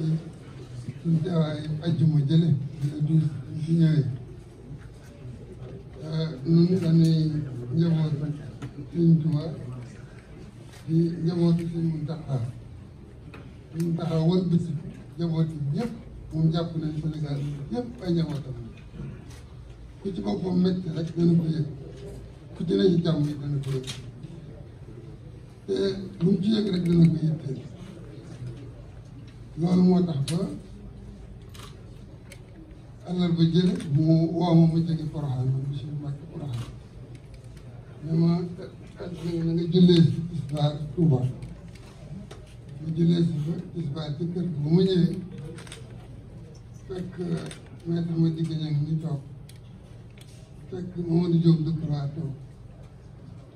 ci suñ teewaay ajjuma jële du du ñëwee ñun dañuy njaboot Sëriñ Tuubaa di njabootu Sëriñ Muntaxaa Sëriñ Muntaxaa wër biti njaboot yi yëpp moom jàpp nañ Sénégal yëpp ay njabootam ku ci boppam métti rek dana ko yëg ku ci ne ci jàmm dana ko yëg te lu mu yëg rek dana ko yitteel loolu moo tax ba alal ba jële mu woo ma mu jóge Poroxaan ma monsieur Mbacke Poroxaan ne ma eh, eh, na nga jullee si tisbaar Touba jullee si fa tisbaar ci kër gi ba ñëwee fekk maître ma digg ña ngi toog fekk Mamadou Diop dëkk laa toog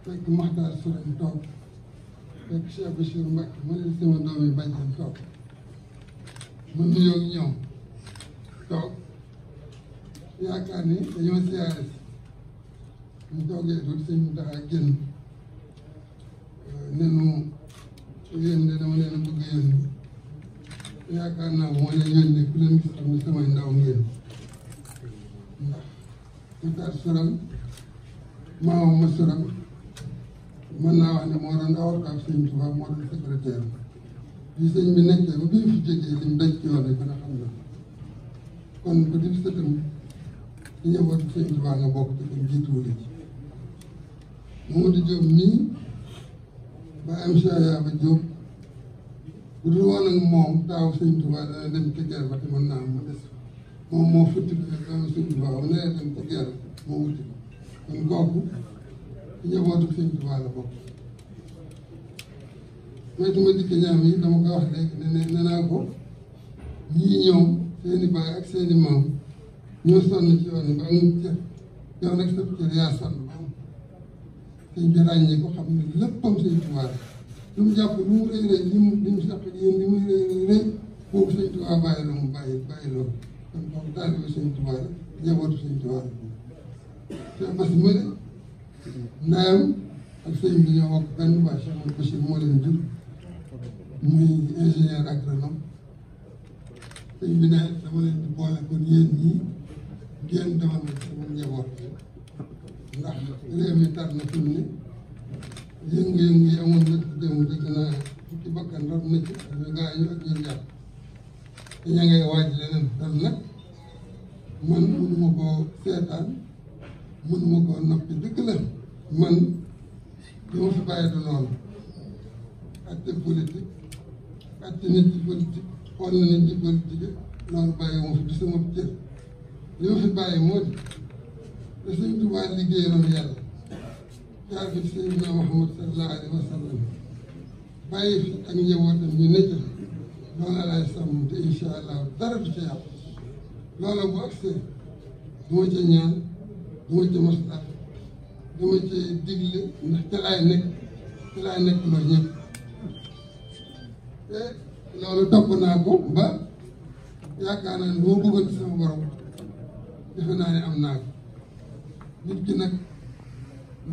fekk Makhtar Sourène toog fekk Cheikh Bachir Mbacke ma ne sama doom yi bañ leen toog mu nuyoo ñoom toog yaakaar ni dañoo siyaare si ñu toogee tuuti sëñ mu taxaa génn ne nu yéen de dama leen bëgg yónni yaakaar naa bu ma leen yónni ku leen gis xam ne samay ndaw ngeen ndax ku taat soral ma soral mën naa wax moo doon awar kaaf sëñ Tuubaa moo doon secrétaire bi sëñ bi nekkee ba bi ñu fi jógee lim daj ci yoon yi ba nga xam kon bu di sëtam ci njabootu sëñ bi waa nga bokk ci kon jiituwul ci moo di jóg nii ba am yaa ba jóg bu dul woon ak moom taaw sëñ Tuubaa dana dem ci guerre ba te mën naa am des moom moo futti ko doomu sëñ Tuubaa bu nee dem ci guerre moo wuti ko kon kooku ci njabootu sëñ Tuubaa la bokk ma dikk ñaam yi dama ko wax léegi ne ne naa ko ñii ñoom seeni baay ak seeni maam ñoo sonn ci yoon ba amul cër yow nag sab cër yaa sonn ba am sëñ bi ko xam ne léppam sëñ Tuubaa lu mu jàpp lu mu rëy bàyyi bàyyi bàyyi loo kon kooku taalibe sëñ Tuubaa la njabootu sëñ Tuubaa la te bas ma ak sëñ bi ñoo bokk benn bâche moom Bachir moo leen jur muy ingénieur agronome sëñ bi ne dama leen boole kon yéen ngeen demal na sama njaboot ndax réew mi tar na fi mu ne yëngu-yëngu yi amoon na dem dëgg naa ci bakkan rot na ci ñu gaañu ak ñu te ña ngay waaj leneen dal nag man mënuma koo seetaan mënuma koo noppi dëgg la man li ma fi bàyyi du noonu acte politique fàtte nit ci politique xool na nit ci politique loolu bàyyi moo fi sama cër li ma fi bàyyi moo di da Sëñ Tuubaa liggéeyaloon yàlla dara du ca yàqu loola bu agsee du ma ca ñaan du ma ca maslaat du digle ndax laay nekk ca laay nekk loolu ñëpp te loolu topp naa ko ba yaakaar naa ne boo bëggoon sama borom defe naa ne am naa ko nit ki nag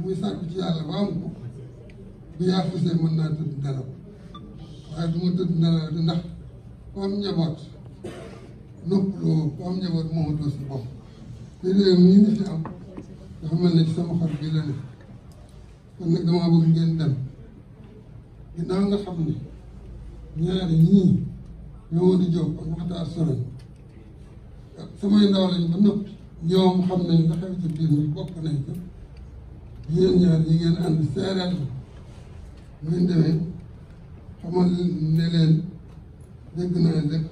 muy sàkku ci yàlla ba am ko bu yaafusee mën naa tëdd nelaw waaye bu ma tëdd nelaw di ndax ku am njaboot noppaloo ku am njaboot moomatoo si bopp te réew mi ñu fi am dafa mel ne ci sama xol bi la ne bëgg ngeen dem ginnaaw nga xam ñaar ñii Mamadou Diop ak Makhtar Sone samay ndaw lañ ba noppi ñoom xam nañ la xew ci biir ndax bokk nañ ko yéen ñaar ñi ngeen ànd seereel ko bu ñu demee xamal ne leen dégg naa lépp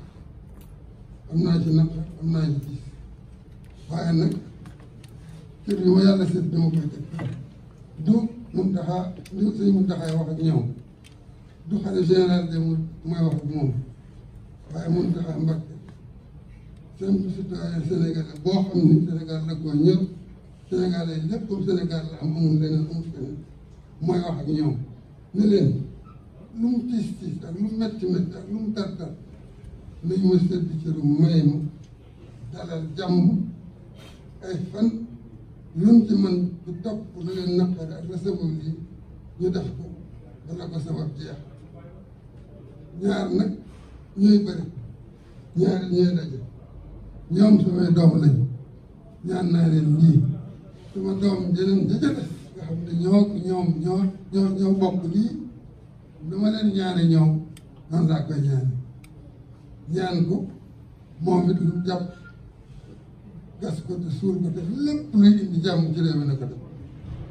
am naa ci naq am naa ci gis waaye nag kër yi ma yàlla seet dama koy teg du mun taxaa du suñ mun taxaay wax ak ñoom du xalifa général de Mouride mooy wax moom waaye Mountakha Mbacké seen citoyen sénégalais boo xam ni Sénégal la ko ñëw Sénégalais lépp comme Sénégal la am amul leneen amul feneen mooy wax ak ñoom ne leen lu mu tiis tiis ak lu mu métti métti ak lu mu tar tar nañ ma sedd ci lu may ma dalal jàmm ay fan luñ ci man du topp lu leen naqari ak la sabab lii ñu def ko bala ko sabab jeex ñaar nag ñuy bëri ñaar ñuy daje ñoom samay doom lañu ñaan naa leen lii sama doom jeneen jëjële nga xam ne ñoo ñoom ñoo ñoo ñoo bokk lii nu leen ñaane ñoom noonu laa koy ñaane ñaan ko moom it lu mu jàpp gas ko te suul ko te lépp luy jàmm ci réew mi ko def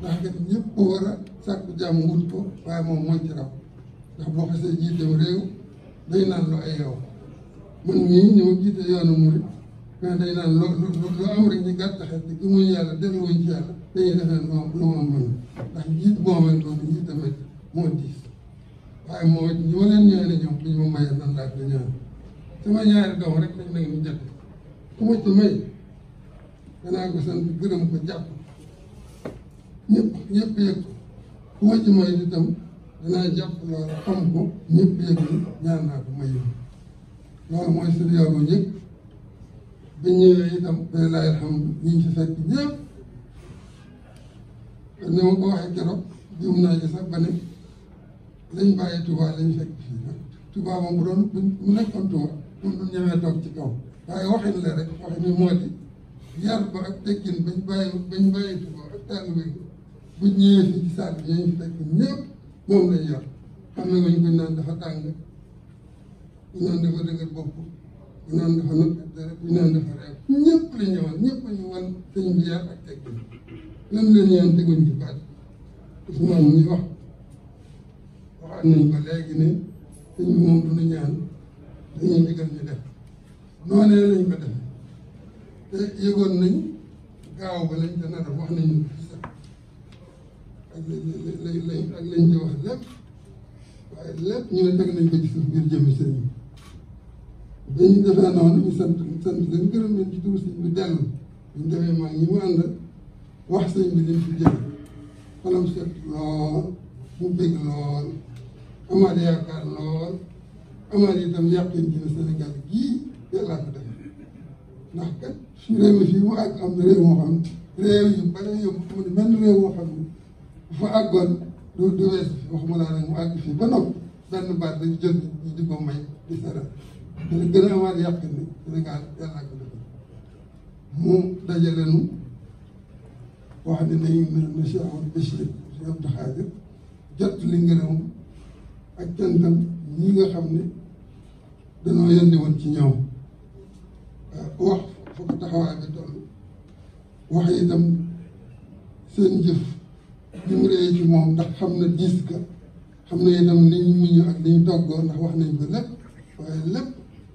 ndax kat ñëpp war a sàkku jàmm wut waaye moom mooy ci ndax boo xasee jiitew réew day naan lu ay yow man mii ñëw jiite yoonu murit mais day naan loo loo am rek ñu gàtt xel te gëmuñ yàlla delluwuñ ci yàlla dañuy def leen lu mu am mën ndax jiit boo mel noonu jiit tamit moo diis waaye moo ñu ma leen ñëwee ne ñoom bu ñu ma mayee nan laa ko ñaan sama ñaari doom rek dañ nag ñu jot ku ma ci may danaa ko sant gërëm ko jàpp ñëpp ñëpp yëg ko ma ci may danaa jàpp loolu xam ko ñëpp yëg ni ñaan ñëwee itam ba laay xam ñu ngi ci fekk ñëpp ni ma ko waxee keroog jiw naa ci sax ba ne lañ bàyyi Touba lañ fekk fii nag Touba bu doon mu nekkoon Touba moom du ñëwee toog ci kaw waaye waxin la rek waxin moo di yar ba ak teggin bañ bàyyi bañ bàyyi Touba ak bi buñ ñëwee fii ci saal bi ñooñu fekk ñëpp. moom lañ yor xam ne wuñ buñ naan dafa tàng buñ naan dafa dëgër bopp buñ naan dafa noppi dara naan dafa reew ñëpp lañ ñëwal ñëpp ñu wan sëñ bi yar ak teg lan la ñaan teguñ bu baat Ousmane ñi wax waxaat nañ ko léegi ne sëñ bi moom duñu ñaan dañuy digal ñu def noonee lañ ko def te yëgoon nañ gaaw ba lañ te nar wax nañu lay lay ak lañ ci wax lépp waaye lépp ñu ne teg nañ ko ci dañu defee noonu ñu sant sant leen gërëm leen ci turu ñu defee mag ñi mu ànd wax sëñ bi liñ fi jëme xolam set lool mu bég lool amaat yaakaar lool amaat itam yàqin ci ne Sénégal gii yàllaa ko def ndax kat su réew mi fii am réew moo xam réew yu bare ne réew moo bu fa àggoon du du wees waxuma laa nag mu àgg fii ba noppi benn baat dañu jël di ko may di sara dana gën a amaat yàq ni Sénégal yàlla mu dajale wax ne nañu na Cheikh Amadou Bachir jot li ngërëm ak cantam ñi nga xam ne danoo yandi woon ci ñoom wax foo ko taxawaay bi toll wax itam seen jëf dimbalee ci moom ndax xam na diis ga xam na itam liñ muñu ak liñ toggoo ndax wax nañ ko lépp waaye lépp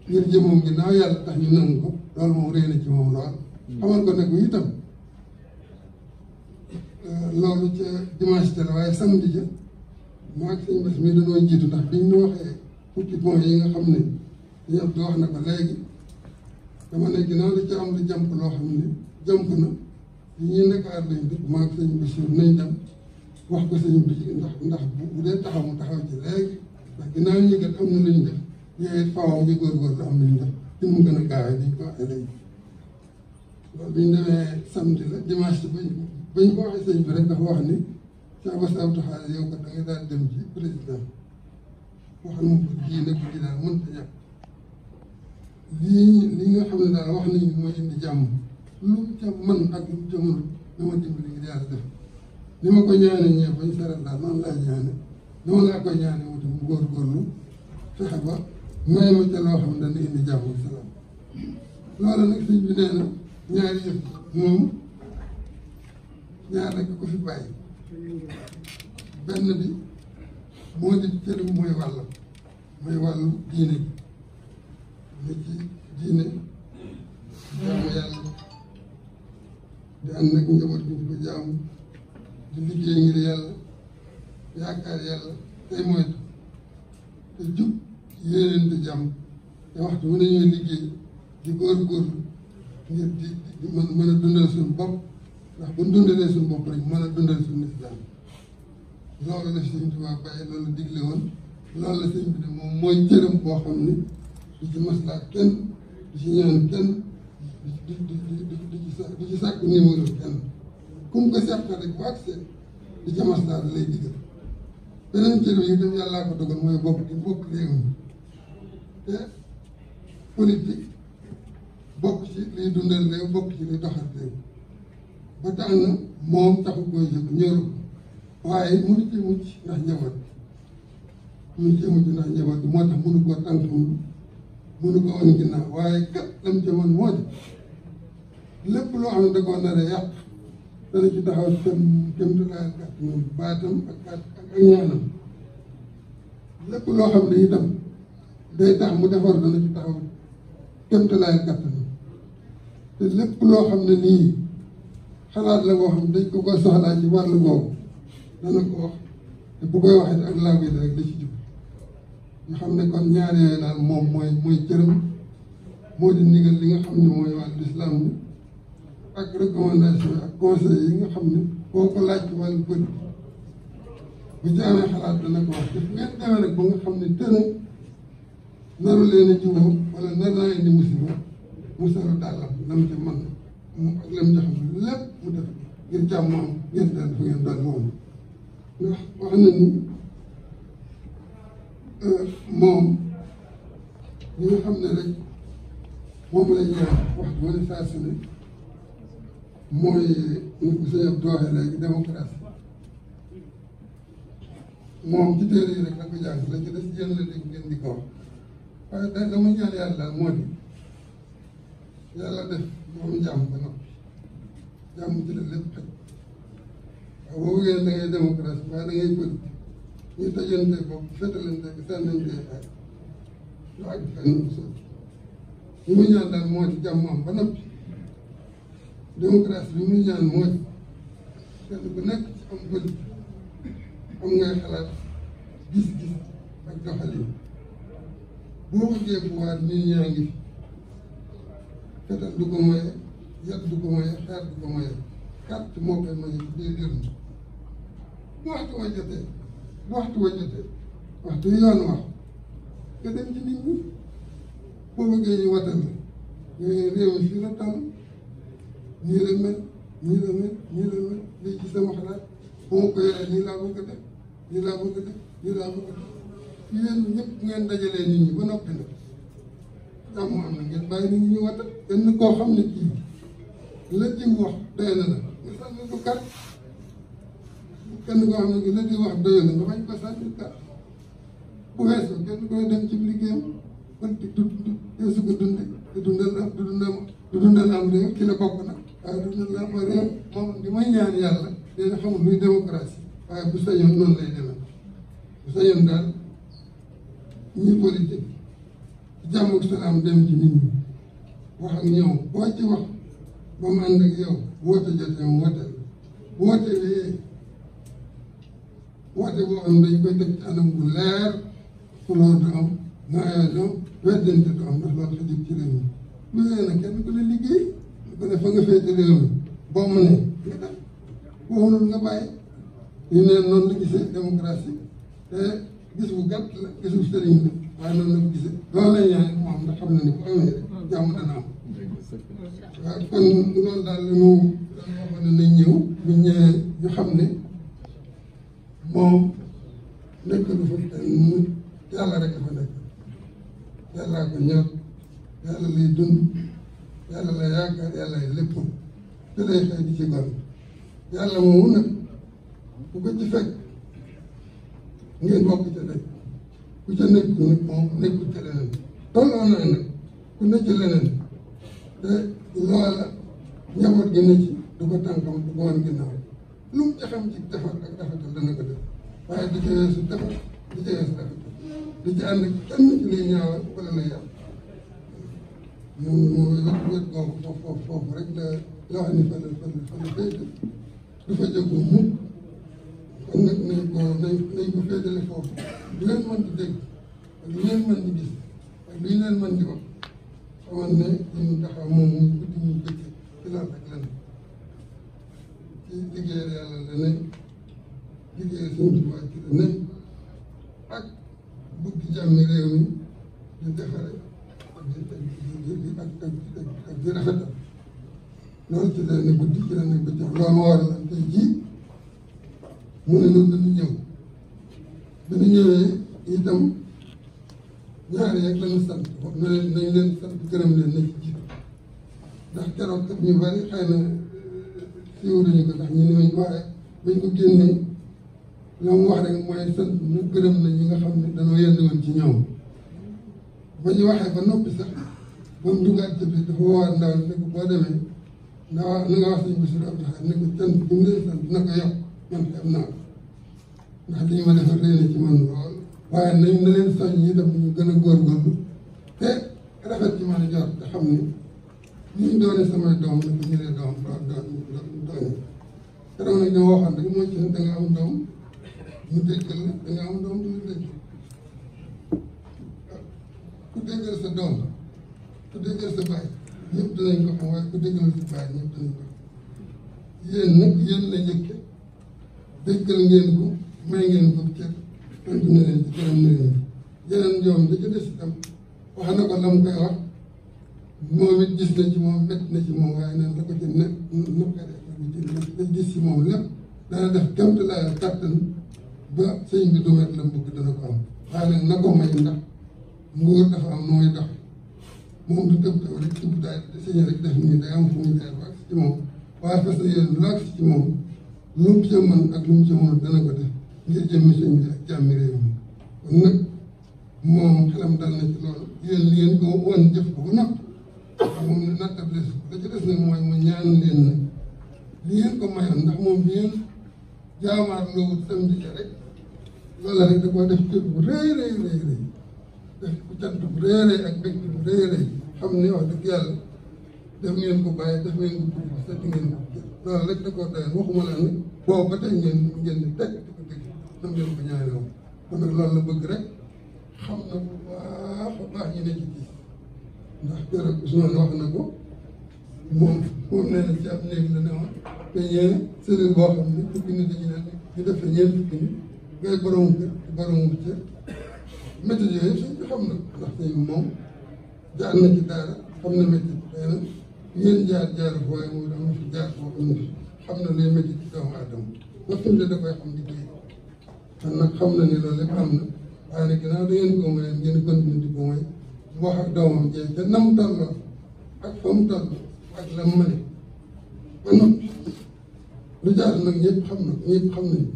ngir jëmmam ginnaaw yàlla tax ñu nangu ko loolu moom réy ci moom lool xamal ko ne ko itam euh, loolu ca dimanche teel waaye samedi ja maa dañoo jiitu ndax biñ ñu waxee fukki points yi nga xam ne ñëpp di wax na ko léegi dama ne ginnaaw li ci am lu jàmp loo xam ne jàmp na li ñuy nekkaar lañ dëkk maa ak sëñ bés nañ dem wax ko sëñ bi ci ndax ndax bu dee taxaw mu taxaw ci léegi ndax ginnaaw ñi kat am na lu ñu def yooyu fawam bi góorgóorlu am mu gën a gaawee di ko waxee bi ñu la dimanche bañ bañ ko waxee sëñ bi rek dafa wax ni saa ba saa taxaw yow kat da ngay daal dem ci président wax na mu ji ne bu daal mënut a jàpp lii li nga xam ne daal wax nañu mooy indi jàmm lu mu ca mën ak lu mu ca mënut dama dimbali ngir yàlla def ni ma ko ñaane ñee bañ sarat laa noonu laa ñaane noonu laa ko ñaane wuti mu góorgóorlu fexe ba may ma ca xam ne dana indi jàmm ak salaam loolu nag sëñ bi nee na ñaari yëf moom ñaar rek diine bi ni ci diine jaamu yàlla di ànd nag njaboot bi ko jaamu di liggéey ngir yàlla yaakaar yàlla tey moytu te jub yéenente jàmm te waxtu bu ne ñooy liggéey di góorgóorlu ngir di di mën mën a dundal suñu bopp ndax bu ñu dundalee suñu bopp rek mën dundal suñu islam loolu la sëñ Tuubaa bàyyi loolu digle woon loolu la sëñ bi ne moom mooy cëram boo xam ne du ci maslaa kenn du ci ñaan kenn du ci du ci du ci sàkku numéro kenn. kum ko seet na rek bu àggsee di ca maslaa da lay digal beneen cër bi itam yàllaa ko dogal mooy bopp di bokk réew mi te politique bokk ci liy dundal réew bokk ci liy doxal réew ba tax na moom taxu koy jóg ñëru waaye mënu ci mucc ndax njaboot mënu ci koo tànk mënu ko woon ginnaaw waaye kat lam ca moo di lépp loo xam ne da koo nar dana ci taxaw sem kémtalaay kàttanam baatam ak kàtt ak ak ñaanam lépp loo xam ne itam day tax mu defar dana ci taxaw kémtalaay kàttanam te lépp loo xam ne nii xalaat la boo xam dañ ko ko soxlaa ci wàllu boobu dana ko wax te bu koy waxee ak laago yi rek da ci jub nga xam ne kon ñaar yooyu daal moom mooy mooy cëram moo di ndigal li nga xam ne mooy wàllu islam bi ak recommandation ak conseil yi nga xam ne koo ko laaj ci wàllu bët bu ci amee xalaat dana ko wax def ngeen demee nag ba nga xam ne tëna naru leen a jubóo wala nar naa indi musiba mu solo dàllam la mu ca mën mu ak la mu ca xam ne lépp mu def ngir jàmm am ngeen daan fu ngeen daan moom wax na ni euh, moom ñi nga xam ne rek moom lañ leen wax wala saa su mooy ñu ko sëñ Abdou waxee léegi démocratie moom ci téere yi rek la ko jàng la ci des yéen la dégg ngeen di ko wax waaye da dama ñaan yàlla daal moo di yàlla def moom jàmm ba noppi jàmm ci la lépp xëy waaw boobu ngeen da ngay démocratie waaye da ngay politique ñu tëjante bopp féetalante sànnante ay lu ak fenn bu sot ñu mu ñaan daal moo di jàmm am ba noppi démocratie li ñuy ñaan mooy kenn ku nekk ci am bët am ngay xalaat gis-gis ak doxalin boo bëggee pouvoir nit ñaa ngi yat du ko maye xeer du ko maye carte moo koy maye ci biir réew mi bu waxtu wa jotee bu waxtu wa jotee waxtu yoon wax nga dem ci nit ñi boo bëggee nii la mel nii la mel nii la mel lii ci sama xalaat bu ko yoree nii laa bëgg a def nii laa bëgg a def laa bëgg a def yéen ñëpp ngeen dajalee nit ñi ba noppi nag jàmm am na ngeen kenn koo xam ne kii la jiw wax doy na la nga sànni ko kat kenn koo xam ne kii la jiw wax doy na nga bañ ko sànni kat bu weesoo kenn koy dem du du du su ko di dundal am di bokk nag. adduna la ma réew moom li may ñaan yàlla nee na xamul luy démocratie waaye bu sañoon noonu lay demee bu sañoon daal ñi politique jàmm dem ci nit wax ak ñoom boo ci wax ba mu ànd ak yow woote jotee mu woote woote lee woote boo xam ne dañ koy teg ci anam bu leer fuloor du am naayoo du am weddante du am ndax loolu la jëm mi lu leen nag kenn liggéey ku ne fa nga féete réew mi boo ne nga def nga bàyyi ñu ne noonu la gisee démocratie te gis bu gàtt gisul sëriñ bi waaye noonu la ko loolu la ñaan moom ndax xam na ni bu amee jàmm ne nañ ñëw ñu ñëwee ñu xam ne moom nekk lu yàlla rek dafa nekk yàllaa ko ñor yàlla lay dund yàlla la yaakaar yàlla lépp da lay xëy di ci gon yàlla moomu nag ngeen bokk ca daj ku ca nekk nag moom nekkul ca leneen ku nekk ci leneen te loola gi ne ci du ko tànkam du ko wan ginnaaw lu mu jaxam ci defar ak rafetal dana ko def waaye di ca weesu defar di ca weesu rafetal di ca ànd kenn ci luy ñaawal wala lay yàq ñu ñu wét donc foofu foofu rek la yoo xam ne fa la fa la fa la féete du fa jóg mukk kon nag nañ ko nañ nañ ko féetale foofu lu leen mën di dégg ak lu leen mën di gis ak lu leen mën di wax xamal ne ñun taxaw moom muy guddi muy bëccëg ci laal rek la ne ci liggéeyal yàlla la ne liggéeyal suñu tubaab ci la ne ak bëgg jàmmi réew mi ñu defaree di ak ak ak di rafetal loolu ci la ne guddi ci la ne bëccëg loolu moo mu ne ñun dañu ñëw dañu ñëwee itam ñaari yeeg la nañ leen sant gërëm leen ci jiitu ndax keroog kat ñu bari xëy na siiwaluñu ko ndax ñu ni ñu waxee bañ la mu wax rek mooy sant ñu gërëm nga xam ne dañoo yëndu woon ci ñoom ba ñu waxee ba noppi sax. ba mu duggaat ci biir dafa woowaat ndaw ne ko boo demee naa na nga wax suñu Bassirou Abdou Khadre ne ko sant bi mu leen sant dina ko yokk man fi am naa ndax li ñu ma defal rëy na ci man lool waaye nañ na leen soñ ñi def ñu gën a góorgóorlu te rafet ci man jot te xam ni ñu doone sama doom ne ko ñu ne doom doo doon keroog am doom mu déggal am doom mu déggal ku déggal sa doom ku déggal sa baay ñëpp dinañ ko xam waaye ku déggal sa baay ñëpp dinañ ko xam yéen nag yéen la njëkke déggal ngeen ko may ngeen ko ceeb tontu moom gis na ci moom métti na ci moom la ko def kéemtalaayal kàttan ba sëñ bi du wet moom du tëb tëb rek tëb daal di sañee rek def nii da am fu muy jaar ba agsi ci moom waaye fas na yéen lu agsi ci moom lu ci mën ak lu mu ci mënul dana ko def ngir jëmmi sëñ bi ak mi kon nag moom xelam dal na ci loolu li ngeen ko wan jëf ko ba moom ne nattab des la leen nag li ngeen ko wut tam di ca rek loola rek da koo def cër bu rëy rëy rëy bu cant bu réeree ak mbégte bu xam ni wax dëgg yàlla def ngeen ko bàyyi def ngeen ko dugg sa di ngeen ko jël loolu la nag boobu ba tey ngeen ngeen di teg di ko dégg ngeen ko ñaari woon kon ne na ko moom moom nee na ci am néeg la ne woon te ñee sëriñ boo xam ne fukki nit dañu ne ñu def la ñeent fukki nit ngay borom kër borom kër méthode yooyu suñ bi xam na ndax tey moom jaar na ci daara xam na méthode xëy na ngeen jaar jaar waaye moom dama fi jaar foo xam ne xam na luy méthode ci xam ne koy man nag xam na ni loolu lépp am na waaye nag ginnaaw da ko mooy wax ak doomam jee te nam tolloo ak fa mu ak la mu mën lu jaar nag ñëpp xam na ñëpp xam nañu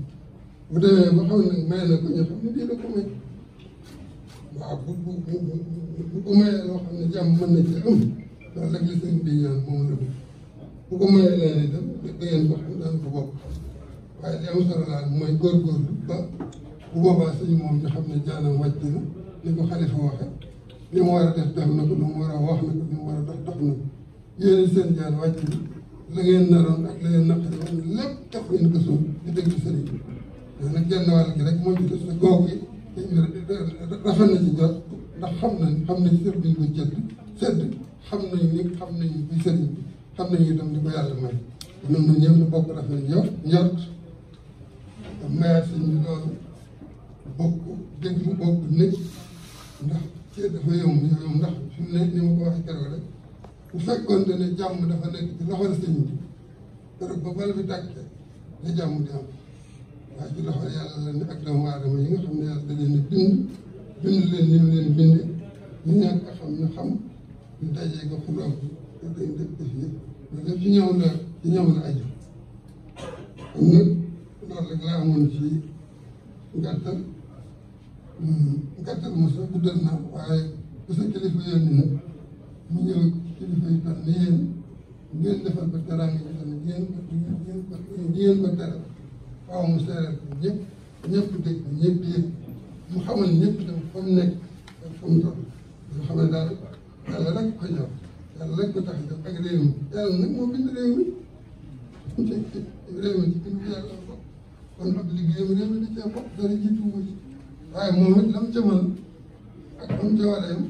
bu demee ba xam nag may na ko ñu xam ne lii la ko may waaw bu bu bu bu ko mayee loo xam ne jàmm mën na ci am bu ba bu boobaa sëñ moom ñu xam ne jaanam wàcc na ni ko xalifa waxee li mu war a def def na ko lu mu war a wax na ko li mu war a dox dox na ko yéen seen jaan wàcc na la ngeen naroon ak la ngeen naqari woon lépp def ngeen ko suuf di déglu sëriñ bi. nag genn wàll gi rek moo ci des na googu rafet na ci jot ndax xam nañ xam nañ sër biñ ko jënd sedd xam na ni xam nañ bi sëriñ bi xam nañ itam li ko yàlla may ñun ñun mu ñu bokk rafet na ñor njort maye suñu loolu bokk ndax cee dafa yomb yomb ndax ne ni ma ko waxee keroog rek bu fekkoonte ne jàmm dafa nekk ci loxol sëriñ bi keroog ba bala bi tàkkee ne jàmm di am waaye ci loxo yàlla la ne ak doomu aadama yi nga xam ne yàlla da leen a bind bind leen ni mu leen binde ñu ñàkk a xam ñu xam ñu dajee nga xuloo ñu dañ def def yëpp ñu def ci ñoom la ci ñoom la aju kon nag loolu rek laa amoon ci gàttal gàttal mos a guddal naa waaye bu sa kilifa yónni nag mu ñëw kilifa yi tax ni yéen ngeen defal ba teraanga ñu tamit yéen ba yéen ba dara waaw mu seeral ko ñëpp ñëpp dégg ñëpp yëg mu xamal ñëpp itam fa mu nekk ak fa mu toll ñu xam ko a réew mi yàlla nag moo bind réew mi réew mi ci bind bi ko kon ab liggéeyam réew mi di cee bokk dara ci waaye moom it lam ak am ca war a yem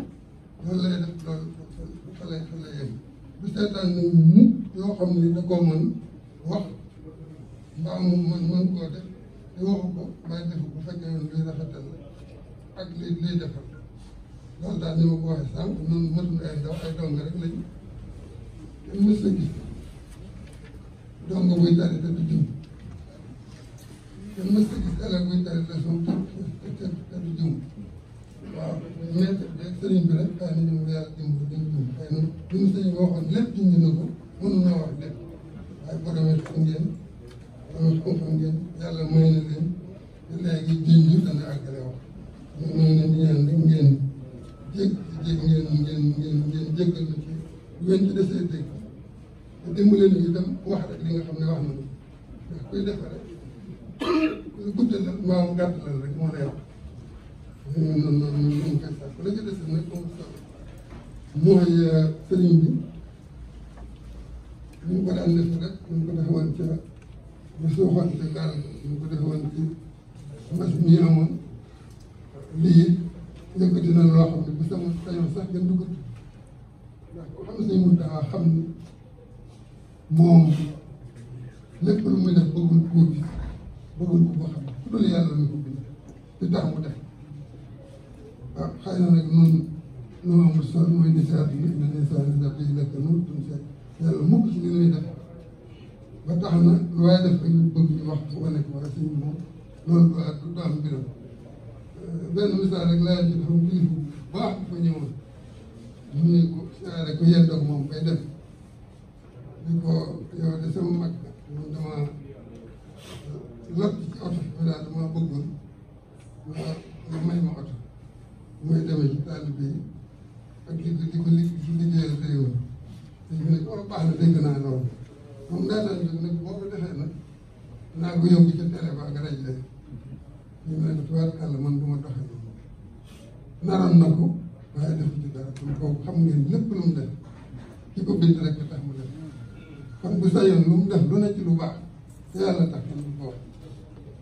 loolu lay def loolu lay fa lay yem bu seetaan ne mukk xam ne da koo wax ndax moom man mën koo def li waxu ko may def bu fekkee woon luy rafetal la ak li luy defal loolu daal ni ma ko waxee sànq noonu matuñu ay ndaw ay dong rek lañu te mës a gis dong buy tari te du jëm te mës a gis élève buy tari te son te du jëm waaw maître bi sëriñ bi rek xëy na ñu ngi yàlla jëm dañu jëm xëy na li mu sëriñ waxoon lépp junj na ko mënu na wax lépp waaye boo demee ngeen amul xam-xam ngeen yàlla may na leen léegi junj dana àggale wax ñu ngi leen di ñaan rek ngeen jég jég ngeen ngeen ngeen ngeen jéggal na ci bu ngeen ci desee dégg te dimbale nañu itam wax rek li nga xam ne wax nañu ndax kuy defaree kuy guddalal maam gàttalal rek moo lay wax ñu ngi noonu noonu ñu ngi koy sàkk la ci mooy sëriñ bi. fi waxoon ne daanaka ñu ko defoon ci mbas mi amoon lii nekk dina loo xam ne bu sama sañoon sax gën dugg ndax ku xam sañ mun daa xam moom lépp lu muy def bëgguñ koo gis bëgguñ ko koo ku dul yàlla ñu ko bind di tax mu def waaw xëy na nag noonu noonu amul solo mooy nisar yi na nisar yi daf di lekk waxtu bu ko nekk waaye sëñ bi moom loolu du du am mbiram euh, benn misaal rek laa jël xam kilifa bu baax bu fa ñëwoon ñu ne ko siyaare ko yéen doog moom koy def ni ko yow de sama mag man dama euh, lot ci oto bi daal ah, dama bëggoon nga nga may ma oto muy demee ci taalibe yi ak li di ko liggéeyal réew mi dañu ne ko oh, baax na dégg naa loolu moom daa daan jóg nag boo ko defee nag naa ko yóbbu ca tere ba nga daj leen ñu ne tubaarkàlla man du ma doxe noonu naroon na ko waaye defu ci dara kon kooku xam ngeen lépp lu mu def ki ko bind rek tax mu def kon bu sa lu mu def lu ne ci lu baax te yàlla tax na mu bokk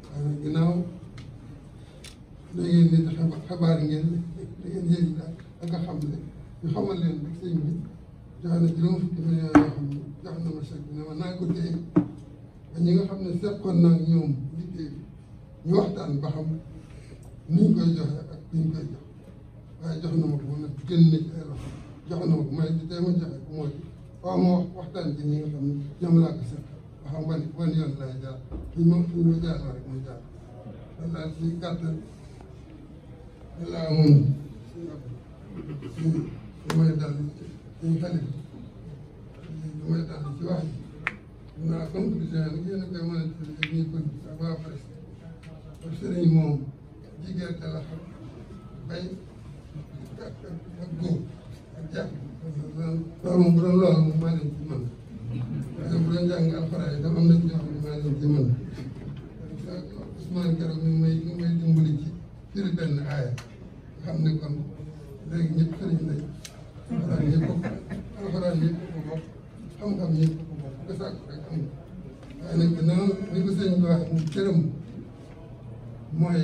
waaye ginnaaw da ngeen nit xabaar ngeen da na ma chèque bi ne ma naa ko ba ñi nga xam ne seqoon naa ñoom liggéey bi ñu waxtaan ba xam ni koy joxe ak ni koy jox waaye jox na ma ko nag gën na ci na ma ku mooy li tey ma joxe ko mooy waaw ma waxtaan ci ñi nga xam ne ñoom laa ko seq ba xam wan wan yoon laay jaar fi ma fi ma jaaroo rek ma jaar loolu daal ci gàttal laa mën li may dal ci xale bi li may dal ci wax ji naa conclusion bi yéen a koy mën a tudd ñuy ko ak waa presse ba sëriñ moom ji gerte la xam bay ak ak góob ak jàpp loolu moom bu doon loolu moom maa leen ci mën parce que bu doon jàng alxuraan yi dama am na ci ñoo xam ne maa leen ci mën Ousmane Keroog mi may mi may dimbali ci firi benn aaya xam ne kon léegi ñëpp sëriñ lañ alxuraan ñëpp ko alxuraan ñëpp ko bokk xam-xam ñëpp ko sàkk rek am waaye nag gannaaw li ko sëñ bi wax ni mooy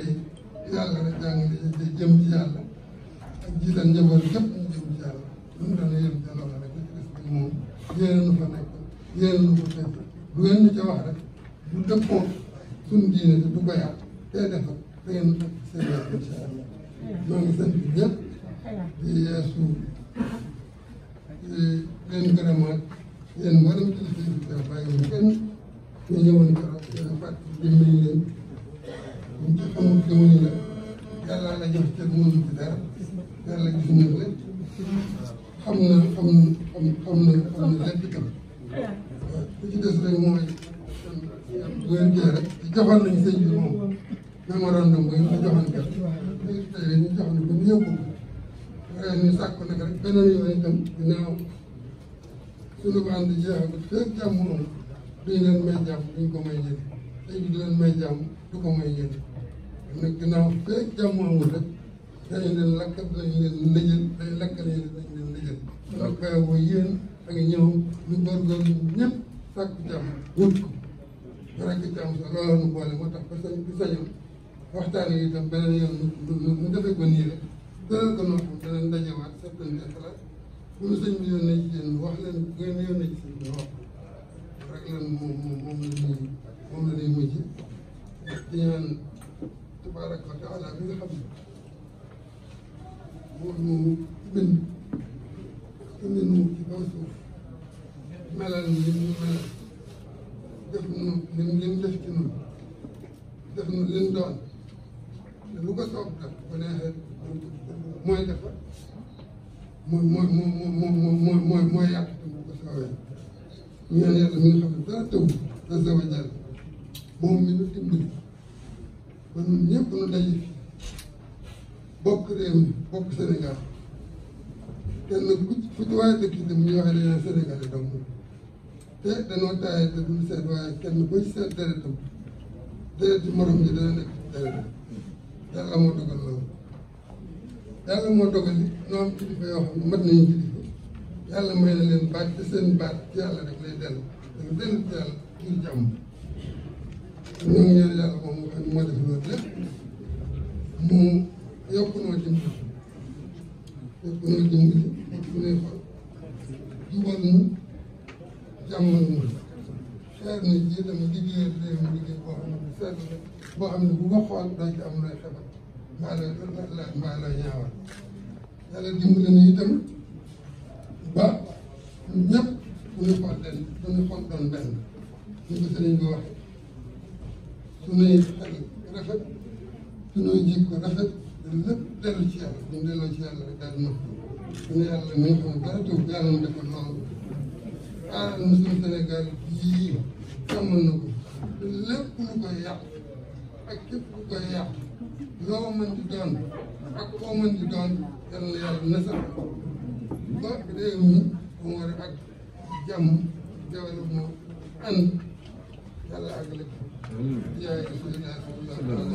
yàlla rek jàng di jëm ci yàlla ak jiital njaboot yëpp ñu jëm ci yàlla lu mu doon yéen ca loola rek des bi moom yéen nu fa nekk yéen nu ko fekk lu ngeen ñu ca wax rek bu dëppoo suñu diine te du bayaat tey defar da ngeen fekk seen yàlla incha allah ñoo ngi sant ñëpp di yeesu di leen gërëmaat yéen mboolem kilifa yi fi teew bàyyi wu kenn ñu ñëwoon keroog yéen fàttali dimbali leen buñ ci amul demuñu la yàlla la jox cër mënu ci dara yàlla gis na lépp xam na xam na xam na xam na lépp itam li ci des rek mooy bu ngeen jëlee rek joxoon nañu sëñ bi moom mémorandum bu ngeen ko joxoon kat ñu tey ñu joxoon ko ñëw ko ren ñu sàkk nag rek beneen yoon itam su lu ko ànd jeexagut fekk jàmm moom duñ leen may jàmm duñ ko may yéen tey du leen may jàmm du ko may yéen nag ginnaaw fekk jàmm amul rek dañu leen lakk dañu leen lëjël dañu lakk dañu leen lëjël donc boo ak ñëw ñu góorgóorlu ñëpp sàkk jàmm wut ko rekk jàmm sa loolu nu boole moo tax ba sañ bi sañoon waxtaan yi itam beneen yoon ñu defee ko nii rek dëral ko noo xam danañ dajewaat certaine loolu sëñ bi yónnee ci yéen wax leen bu ngeen yónnee ci sëñ bi wax rek leen moom moom moom la ñuy moom la ñuy mujj di ñaan tabaaraka wa taala bi nga xam ne moom moo bind bind nu ci kaw suuf melal mu melal def nu lim lim def ci nun def nu lim mooy mooy mooy mooy mooy yàq bu ko saawee ñaan yàlla mi nga xam ne dara tëw asa wa jàll moom mi nu dimbali ba ñun nu daje fi bokk réew mi bokk Sénégal kenn ku fu ci waaye dëkk itam ñu waxee dañoo Sénégal yi donc te dañoo taayee te duñ seet waaye kenn buy seet deretam deret ci morom ji dana nekk ci deret dara amoo dugal loolu yàlla moo dogali ñoo am kilifa yoo xam ne mat nañu kilifa yàlla may na leen baat te seen baat ci yàlla daf lay dellu dafa dellu ci yàlla ngir moom nga def loolu lépp mu yokk noo dimbali yokk noo dimbali yokk dama liggéeyal réew mi liggéey boo xam ne bu sedd la boo xam ne bu ma xool day ci am looy xebal mbaa la mbaa la ñaawal yàlla dimbali na itam ba ñëpp bu ñu xool leen bu ñu xool benn rafet suñuy lépp dellu ci yàlla ñu delloo ci yàlla rek na ko lépp lu koy yàq ak képp lu koy yàq loo mën di ak koo mën di doon nasal ba réew mi bu mu war ak jàmm développement ànd yàlla àggale ko yaay rasulillah sallallahu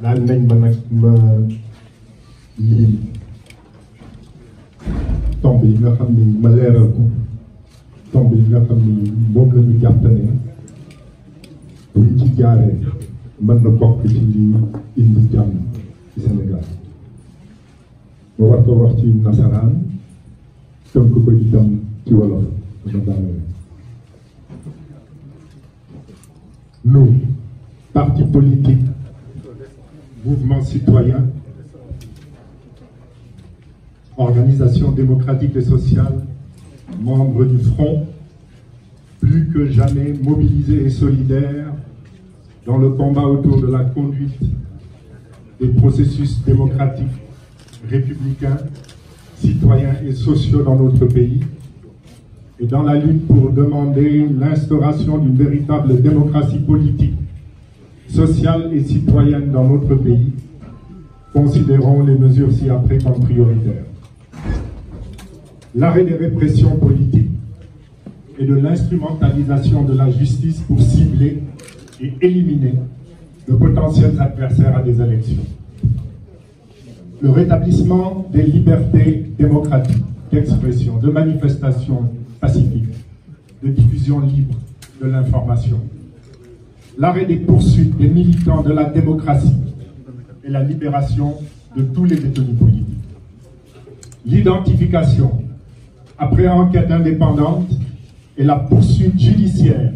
naan nañ ba nag ba lii tomb yi nga xam ma leeral ko tomb yi nga xam ni moom la ñu buñ ci jaaree mën na bokk ci lii indi jàmm ci Sénégal ma war ko wax ci nasaraan tënk ko itam ci wolof dama daanale nous parti politique mouvement citoyen organisation démocratique et sociale membre du front plus que jamais mobilisé et solidaire dans le combat autour de la conduite des processus démocratiques, républicains, citoyens et sociaux dans notre pays et dans la lutte pour demander l'instauration d'une véritable démocratie politique, sociale et citoyenne dans notre pays, considérons les mesures ci-après comme prioritaires. L'arrêt des répressions politiques et de l'instrumentalisation de la justice pour cibler et éliminer le potentiel adversaire à des élections. Le rétablissement des libertés démocratiques d'expression, de manifestation pacifique, de diffusion libre de l'information. L'arrêt des poursuites des militants de la démocratie et la libération de tous les détenus politiques. L'identification, après enquête indépendante, et la poursuite judiciaire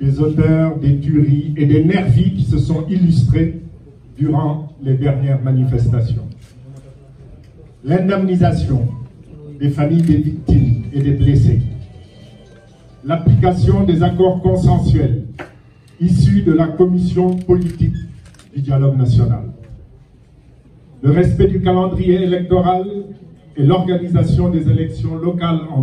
des auteurs, des tueries et des nervis qui se sont illustrés durant les dernières manifestations. L'indemnisation des familles des victimes et des blessés. L'application des accords consensuels issus de la commission politique du dialogue national. Le respect du calendrier électoral et l'organisation des élections locales en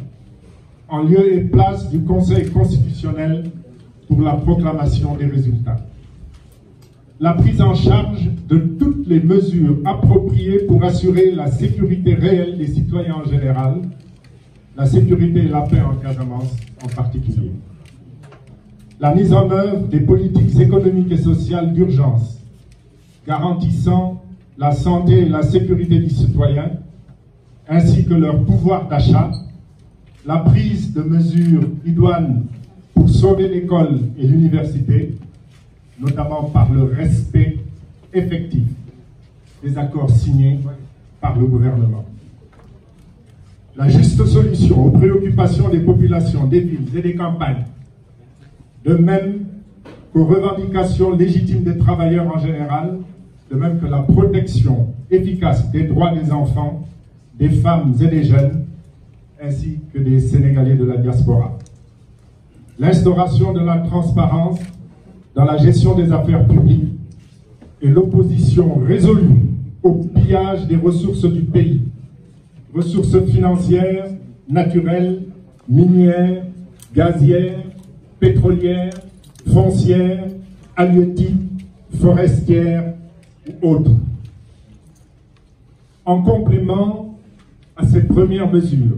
en lieu et place du Conseil constitutionnel pour la proclamation des résultats. La prise en charge de toutes les mesures appropriées pour assurer la sécurité réelle des citoyens en général, la sécurité et la paix en en particulier. La mise en œuvre des politiques économiques et sociales d'urgence, garantissant la santé et la sécurité des citoyens, ainsi que leur pouvoir d'achat la prise de mesures idoines pour sauver l'école et l'université, notamment par le respect effectif des accords signés par le gouvernement. La juste solution aux préoccupations des populations, des villes et des campagnes, de même qu'aux revendications légitimes des travailleurs en général, de même que la protection efficace des droits des enfants, des femmes et des jeunes, ainsi que des Sénégalais de la diaspora. L'instauration de la transparence dans la gestion des affaires publiques et l'opposition résolue au pillage des ressources du pays, ressources financières, naturelles, minières, gazières, pétrolières, foncières, halieutiques, forestières ou autres. En complément à cette première mesure,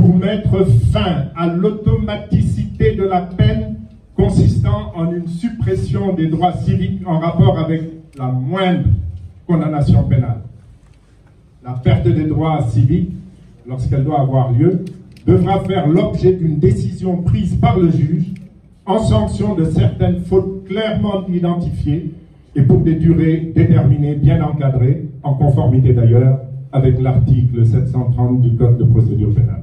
pour mettre fin à l'automaticité de la peine consistant en une suppression des droits civiques en rapport avec la moindre condamnation pénale. La perte des droits civiques, lorsqu'elle doit avoir lieu, devra faire l'objet d'une décision prise par le juge en sanction de certaines fautes clairement identifiées et pour des durées déterminées, bien encadrées, en conformité d'ailleurs avec l'article du Code de procédure pénale.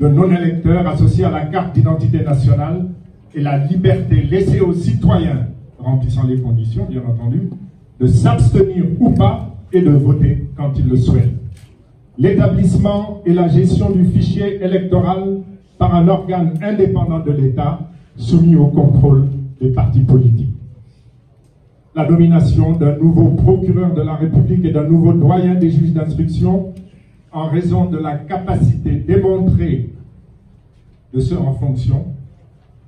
de non-électeurs associés à la carte d'identité nationale et la liberté laissée aux citoyens, remplissant les conditions, bien entendu, de s'abstenir ou pas et de voter quand ils le souhaitent. L'établissement et la gestion du fichier électoral par un organe indépendant de l'État soumis au contrôle des partis politiques. La nomination d'un nouveau procureur de la République et d'un nouveau doyen des juges d'instruction en raison de la capacité démontrée de en fonction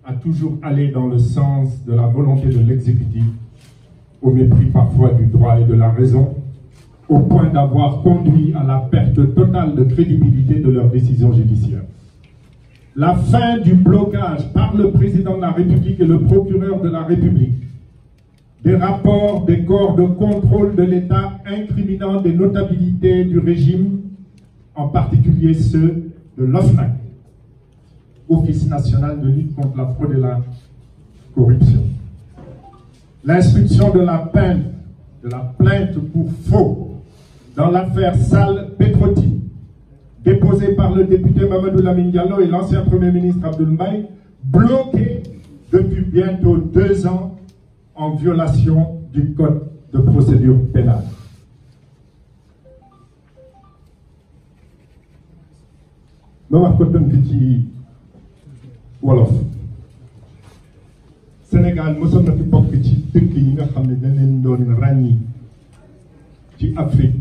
à toujours aller dans le sens de la volonté de l'exécutif, au mépris parfois du droit et de la raison, au point d'avoir conduit à la perte totale de crédibilité de leurs décisions judiciaires. La fin du blocage par le président de la République et le procureur de la République des rapports des corps de contrôle de l'État incriminant des notabilités du régime en particulier ceux de l'OFNAC, Office national de lutte contre la fraude et la corruption. L'instruction de la plainte, la plainte pour faux dans l'affaire Sal Petroti, déposée par le député Mamadou Lamine et l'ancien Premier ministre Abdoul Mbaye, depuis bientôt deux ans en violation du Code de procédure pénale. ma wax ko tënk ci wolof Sénégal mosoon na fi bokk ci dëkk yi nga xam ne dañ leen doon ràññi ci Afrique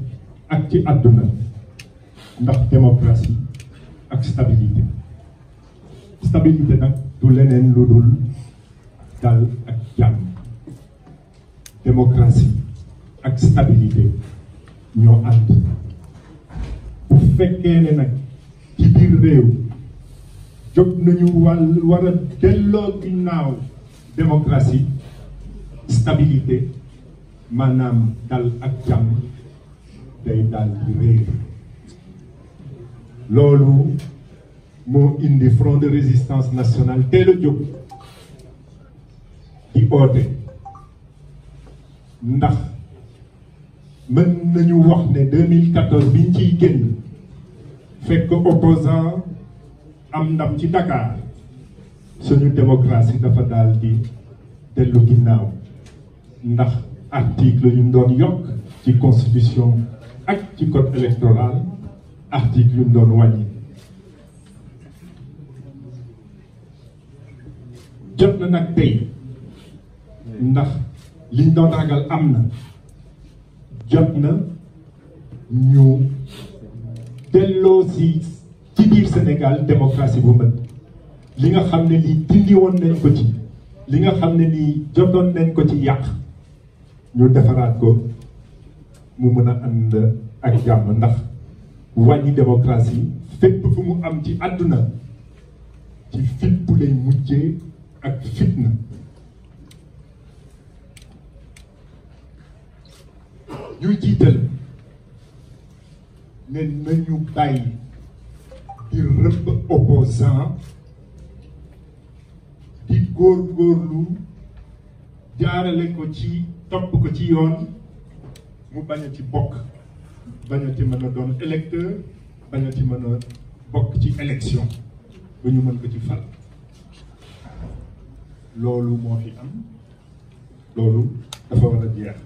ak ci àdduna ndax démocratie ak stabilité stabilité nag du leneen lu dul dal ak jàmm démocratie ak stabilité ñoo ànd bu fekkee ne nag biir réew jóg nañu wàll war a delloo ginnaaw démocratie stabilité maanaam dal ak jàmm day dal di réer loolu moo indi front de résistance nationale teel a jóg di oote ndax mën nañu wax ne 2014 biñ ciy génn fekk opposant am ndam ci Dakar suñu démocratie dafa daal di dellu ginnaaw ndax article yu ñu doon yokk ci constitution ak ci code électoral article yu ñu doon wàññi. jot na nag ndax liñ doon ragal am na jot na ñu. delloo si ci biir Sénégal démocratie bu mën li nga xam ne lii dindi nañ ko ci li nga xam ne nii jotoon nañ ko ci yàq ñu defaraat ko mu mën a ànd ak jàmm ndax wàññi démocratie fépp fu mu am ci àdduna ci fit bu lay mujjee ak fitna ñuy jiital ne nañu bàyyi di rëbb opposant di góorgóorlu jaarale ko ci topp ko ci yoon mu bañ ci bokk bañ a ci mën a doon électeur bañ ci mën a bokk ci élection ba ñu mën ko ci fal loolu moo fi am loolu dafa war a jeex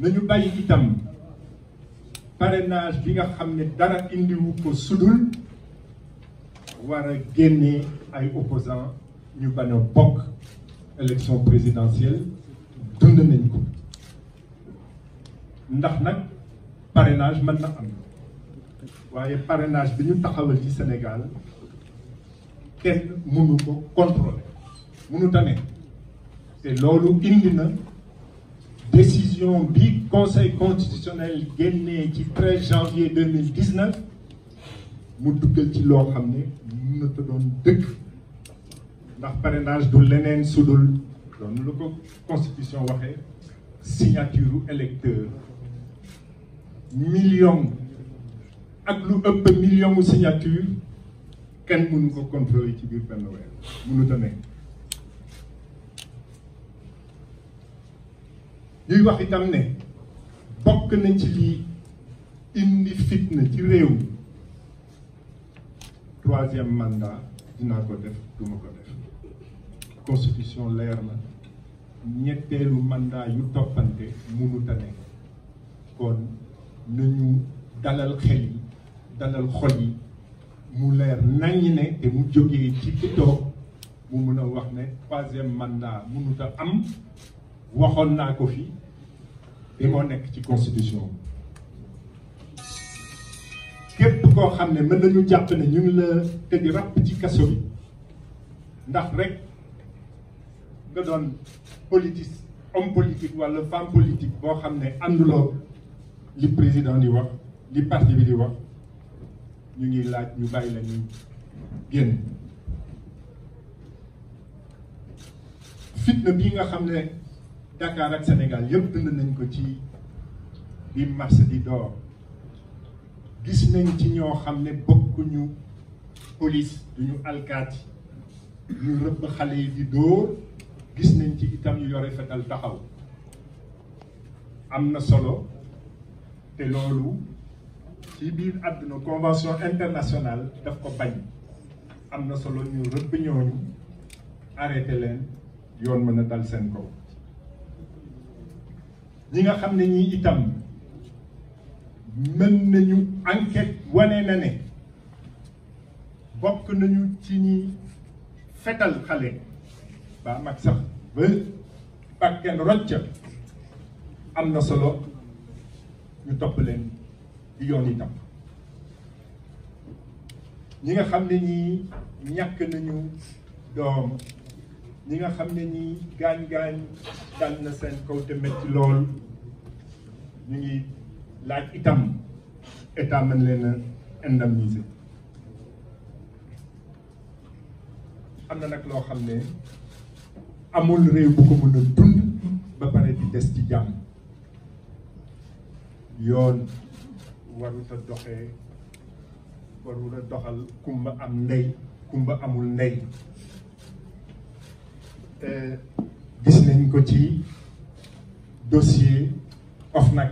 nañu bàyyi itam parrainage bi nga xam ne dara indiwu ko sudul war a ay opposants ñu bañ a bokk élection présidentielle dund nañ ko ndax nag parrainage mën na am waaye parrainage bi ñu taxawal ci Sénégal kenn mënu ko contrôler mënu tane te loolu indi na décision bi conseil constitutionnel génnee ci 13 janvier 2019 mu duggal ci loo xam ne mun na ko doon dëkk ndax parrainage du leneen sudul doon lu ko constitution waxee signature électeur million ak lu ëpp million signature kenn mënu ko contrôler ci biir benn weer mënu ta nekk ñuy wax itam ne bokk nañ ci lii indi fitna ci réew mi troisième mandat dinaa ko def duma ko def constitution leer na ñetteelu mandat yu toppante mënut a nekk kon nañu dalal xel yi dalal xol yi mu leer naññ ne te mu jógee ci ki toog mu mun a wax ne troisième mandat mënut a am waxoon naa ko fi bi moo nekk ci constitution képp koo xam ne mën nañu jàpp ne ñu ngi la tëj ràpp ci kaso bi ndax rek nga doon politique homme politique walla femme politique boo xam ne ànduloo li président di wax li parti bi di wax ñu ngi laaj ñu bàyyi la ñu génn fitna bii nga xam ne Dakar ak Sénégal yëpp dund nañ ko ci bi marché di door gis nañ ci ñoo xam ne bokkuñu police duñu alkaati ñu rëbb xale yi di dóor gis nañ ci itam ñu yore fetal taxaw am na solo te loolu ci biir àdduna convention internationale daf ko bañ am na solo ñu rëbb ñooñu arrêté leen yoon mën a dal seen kaw ñi nga xam ne ñii itam mën nañu enquête wane na ne bokk nañu ci ñi fetal xale ba mag sax ba bàkken rocca am na solo ñu topp leen di yoon itam ñi nga xam ne ñii ñàkk nañu doom ñi nga xam ne nii gaañ-gaañ dal na seen kaw te métti lool ñu ngi laaj itam état mën leen a indemniser am na nag loo xam ne amul réew bu ko mën a dund ba pare di des ci jàmm yoon warut a doxee warul a doxal kumba am ndey kumba amul ndey Euh, gis nañ ko ci of nag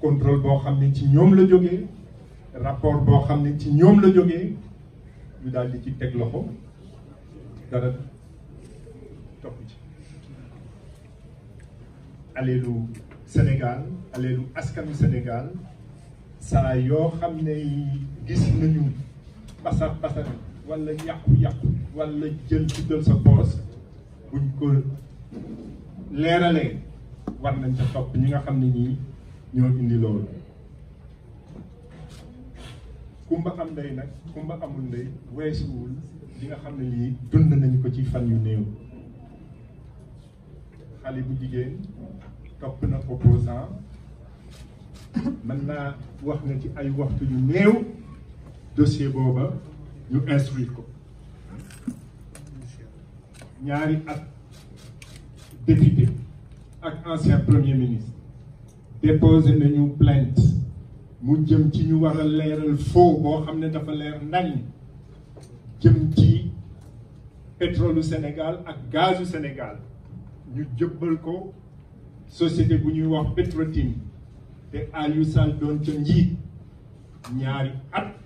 contrôle boo xam ne ci ñoom la jógee rapport boo xam ne ci ñoom la jógee ñu daal di ci teg loxo dara topp ci aleelu Sénégal aleelu askanu senegal saa yoo xam ne gis nañu pasar pasar wala yàqu-yàqu wala jël tuddal sa poos buñ ko leeralee war nañ ca topp ñi nga xam ne ñii ñoo indi loolu kumba am ndey nag kumba amul ndey weesuwul li nga xam ne lii dund nañ ko ci fan yu néew xale bu jigéen topp na opposant man naa wax na ci ay waxtu yu néew dossier booba ñu instruire ko ñaari at député ak ancien premier ministre déposé nañu plainte mu jëm ci ñu war a leeral foo boo xam ne dafa leer nañ jëm ci pétrolu Sénégal ak gazu Sénégal ñu jëbbal ko société bu ñuy wax Petrotim te Aliou Sall doon ca njiit ñaari at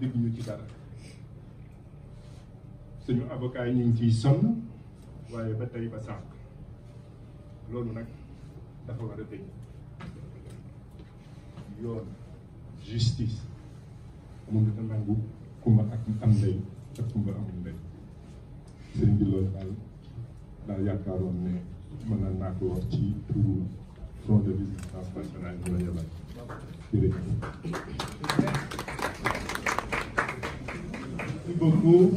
dégguñu ci ñu ngi ciy sonn waaye ba tey ba sànq loolu nag dafa war a dëñ yoon justice moom dafa nangu kumba ak am ak kumba amul ndey sëriñ bi loolu daal daal ne mën naa ko ci turu front de résistance nationale bi la yebal jërëjëf beaucoup.